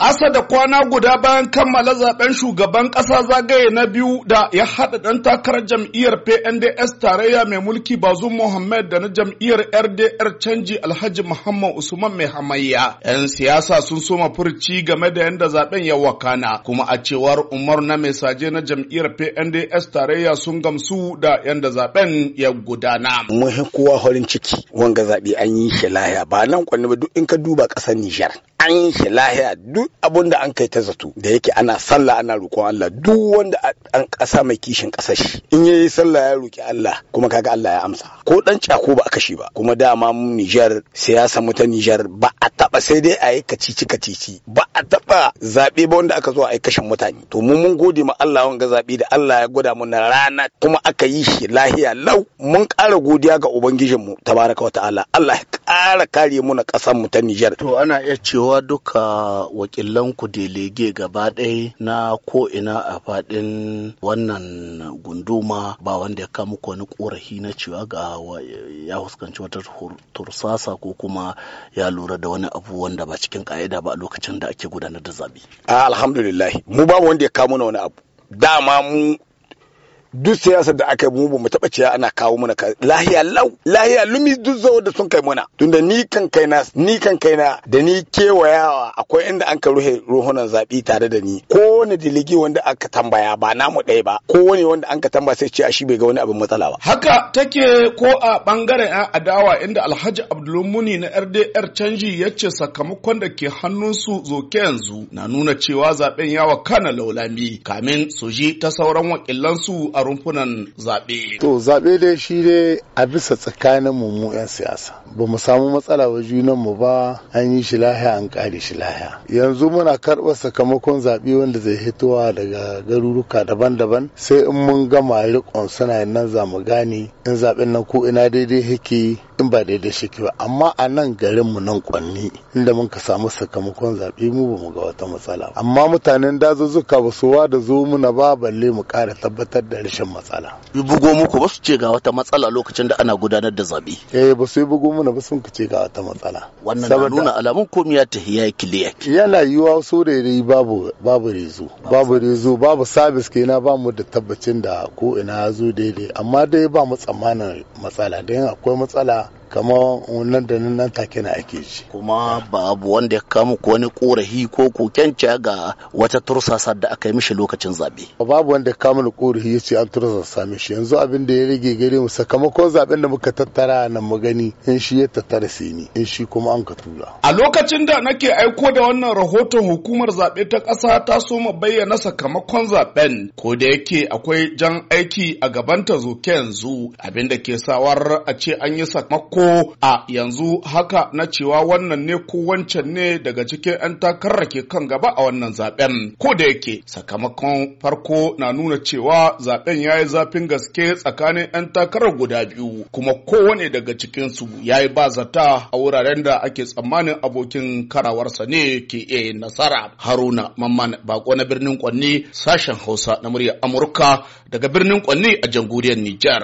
Asa da kwana guda bayan kammala zaben shugaban ƙasa zagaye na biyu da ya haɗa ɗan takarar jam'iyyar PNDS tarayya mai mulki Bazum Mohammed da na jam'iyyar RDR canji Alhaji Muhammad Usman mai hamayya. 'Yan siyasa sun soma furci game da yadda zaben ya wakana kuma a cewar Umar na mai saje na jam'iyyar PNDS tarayya sun gamsu da yadda zaben ya gudana. Mun kowa horin ciki wanga zaɓe an yi shi lahiya ba nan kwanne ba duk in ka duba ƙasar Nijar an yi shi lahiya duk duk abun da an kai ta zato da yake ana sallah ana roƙon Allah duk wanda an ƙasa mai kishin ƙasa shi in yayi sallah ya roƙi Allah kuma kaga Allah ya amsa ko dan cako ba a kashe ba kuma dama Niger siyasa mu ta Niger ba a taba sai dai a yi kacici kacici ba a taba zaɓe ba wanda aka zo a yi kashin mutane to mu mun gode ma Allah wanga zaɓe da Allah ya gwada mu na rana kuma aka yi shi lahiya lau mun ƙara godiya ga ubangijinmu tabaraka wa ta'ala Allah ya ƙara kare muna ƙasar mu ta Nijar. To ana iya cewa duka wakilan ku delege gaba ɗaya na ko ina a faɗin wannan gunduma ba wanda ya kama wani ƙorafi na cewa ga ya fuskanci wata tursasa ko kuma ya lura da wani abu wanda ba cikin ƙa'ida ba lokacin da ake gudanar da zabi. Ah, alhamdulillah mu ba wanda ya kama wani abu. Dama mu duk siyasar da aka yi mu ba mu taɓa ciya ana kawo mana ka. lahiya lau lahiya lumi duk zo da sun kai mana tunda ni kan kaina ni kan kaina da ni kewayawa akwai inda an ka ruhe ruhunan zabi tare da ni ko kowane delege wanda aka tambaya ba namu ɗaya ba kowane wanda an ka tambaya sai ce a shi bai ga wani abin matsala ba haka take ko a bangaren yan adawa inda alhaji abdulmuni na rdr canji ya ce sakamakon da ke hannun hannunsu zoke yanzu na nuna cewa zaben yawa kana laulami kamin su ji ta sauran su a rumfunan zaɓe. to zaɓe dai shi ne a bisa tsakanin mu 'yan siyasa ba mu samu matsala wa junan mu ba an yi shi lahiya an kare shi lahiya yanzu muna karɓar sakamakon zaɓe wanda zai hitowa daga garuruka daban-daban sai in mun gama rikon suna nan za mu gani. in zaɓen nan ko ina daidai yake in ba daidai shi ba amma a nan garin mu nan kwanni inda mun ka samu sakamakon zaɓe mu ba mu ga wata matsala amma mutanen dazuzzuka ba su wa da zo muna ba balle mu ƙara tabbatar da rashin matsala. Yi bugo muku ba su ce ga wata matsala lokacin da ana gudanar da zaɓe. Eh ba su yi bugo muna ba sun ce ga wata matsala. Wannan na nuna alamun komiya ta hiya kiliyaki. Yana yiwa so da babu babu rezo babu rezo babu sabis kenan ba mu da tabbacin da ko ina ya zo daidai amma dai ba mu tsammanin matsala dan akwai matsala kama wannan da nan take na ake ji kuma babu wanda ya kama ko wani korafi ko kokenca ga wata tursasa da aka yi mishi lokacin zabe babu wanda ya kama da korafi ya ce an tursasa mishi yanzu abin da ya rage gare mu sakamakon zaben da muka tattara nan mu gani in shi ya tattara sai ni in shi kuma an ka tura a lokacin da nake aiko da wannan rahoton hukumar zabe ta ƙasa ta so mu bayyana sakamakon zaben ko da yake akwai jan aiki a gabanta zuke yanzu abin da ke sawar a ce an yi sakamakon ko a yanzu haka na cewa wannan ne ko wancan ne daga cikin 'yan takarar ke kan gaba a wannan zaben ko da yake sakamakon farko na nuna cewa zaben ya yi zafin gaske tsakanin 'yan takarar guda biyu kuma kowane daga cikinsu ya yi ba zata a wuraren da ake tsammanin abokin karawarsa ne ke iya yin nasara haruna mamman bako na birnin kwanni sashen hausa na muryar amurka daga birnin kwanni a jamhuriyar nijar